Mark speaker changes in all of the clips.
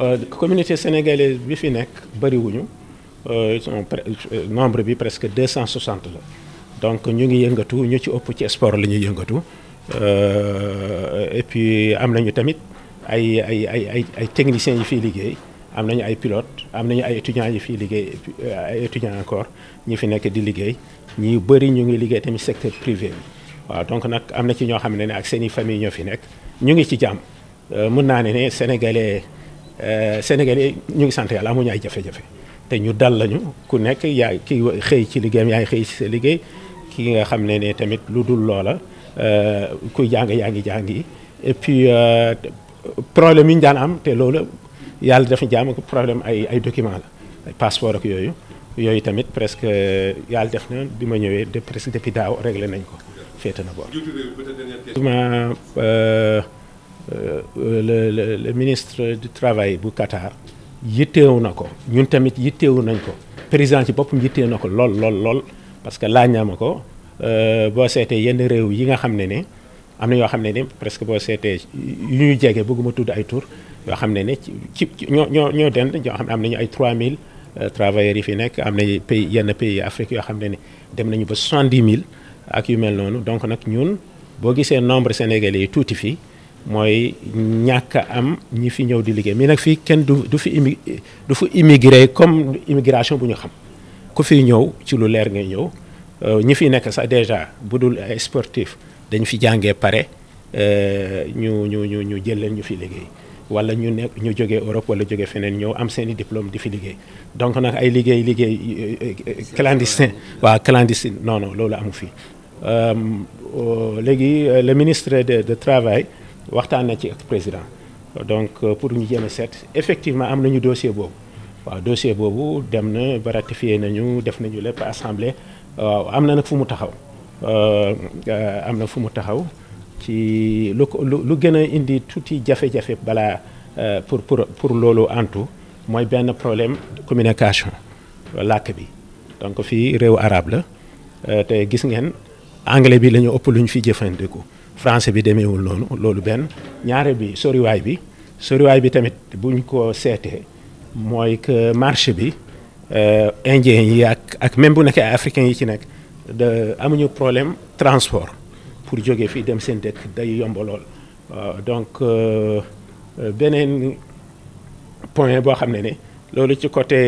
Speaker 1: Euh, communauté sénégalaise bi fi nekk bëriwuñu euh, euh, nombre bi presque 260 la donc ñu ngi yëngatu ñu ci ëpp ci sport la ñuy yëngatu et puis am nañu tamit ay ay ay ay ay techniciens yi fiy liggéey am nañu ay pilotes am nañu ay étudiants yi fiy liggéey ay étudiants encore ñi fi nekk di liggéey ñi bëri ñu ngi liggéey tamit secteur privé bi waaw donc nag am na ci ñoo xam ne ne ak seen i famille ñoo fi nekk ñu ngi ci jàmm mun naa ne ne sénégalais. Euh, Sénégalais ñu ngi sant yàlla amuñu ay jafe-jafe te ñu dal lañu ku nekk yaa ki xëy ci liggéeyam yaay xëy ci sa liggéey ki nga xam ne ne tamit lu dul loola euh, kuy jàng yaa ngi jàng yi et puis euh, problème yi ñu am te loolu yàlla dafa jaam ko problème ay ay document la ay passeport ak yooyu yooyu tamit presque yàlla def na bi ma ñëwee de presque depuis daaw réglé nañ ko féete na boor le, le, le ministre du travail bu Qatar yitteewu na ko ñun tamit yitteewu nañ ko président ci boppam yitteewu na ko lool lool lool parce que laaj na ma ko euh, boo seetee yenn réew yi nga xam ne ne am na yoo xam ne ne presque boo seetee yu ñuy bëgguma tudd ay tur yoo xam ne ne ci ñoo ñoo ñoo dend ñoo xam am nañu ay 3000 euh, travailleurs yi fi nekk am na pays yenn pays Afrique yoo xam ne ne dem nañu ba mille ak yu mel noonu donc nag ñun boo gisee nombre sénégalais yi tuuti fii mooy ñàkk am ñi fi ñëw di liggéey mais nag fii kenn du du fi imi du fi immigré comme immigration bu ñu xam ku fi ñëw ci lu leer ngay ñëw euh, ñi fi nekk sax déjà bu dul ay sportif dañ fi jàngee pare euh, ñu ñu ñu ñu jël leen ñu fi liggéey wala ñu ne ñu jóge Europe wala jóge feneen ñëw am seen i diplôme di fi liggéey donc nag ay liggéey liggéey euh, clandestin waaw clandestin non non loolu amu fi léegi le ministre de de travail waxtaan na ci ak président donc euh, pour ñu jéem a seet effectivement am nañu dossier boobu waaw dossier boobu dem na ba ratifié nañu def nañu lépp assemblée waaw euh, am na nag fu mu taxaw euh, am na fu mu taxaw ci lu ko lu gën a indi tuuti jafe-jafe balaa pour pour pour loolu antu mooy benn problème communication làkk bi donc fii réew arabe la te gis ngeen anglais bi la ñu ëpp lu ñu fi jëfandiku. français bi demeewul noonu loolu benn ñaare bi soriwaay bi soriwaay bi tamit buñ ko seetee mooy que marché bi euh, indien yi ak ak même bu nekkee africain yi ci nekk de amuñu problème transport pour jóge fii dem seen dëkk day yomb lool euh, donc euh, beneen point boo xam ne ne loolu ci côté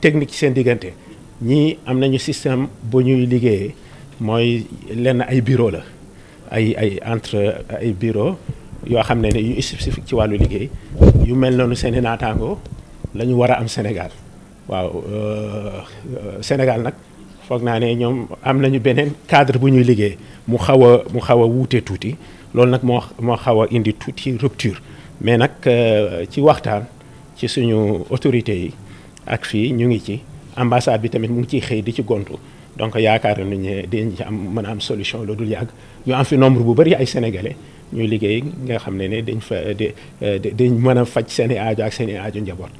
Speaker 1: technique ci seen diggante ñii am nañu système bu ñuy liggéeyee mooy lenn ay bureau la ay ay entre ay bureau yoo xam ne ne yu spécifique ci wàllu liggéey yu mel noonu seen i naataango la ñu war a am Sénégal waaw euh, Sénégal nag foog naa ne ñoom am nañu beneen cadre bu ñuy liggéey mu xaw a mu xaw a wuute tuuti loolu nag moo moo xaw a indi tuuti rupture mais nag euh, ci waxtaan ci suñu autorités yi ak fii ñu ngi ci ambassade bi tamit mu ngi ciy xëy di ci gontu donc yaakaar nañ ne dinañ ci am mën a am solution loolu dul yàgg ñu am fi nombre bu bëri ay sénégalais ñuy liggéey nga xam ne ne dañ fa dañ mën a faj seen i aajo ak seen i aajo njaboot.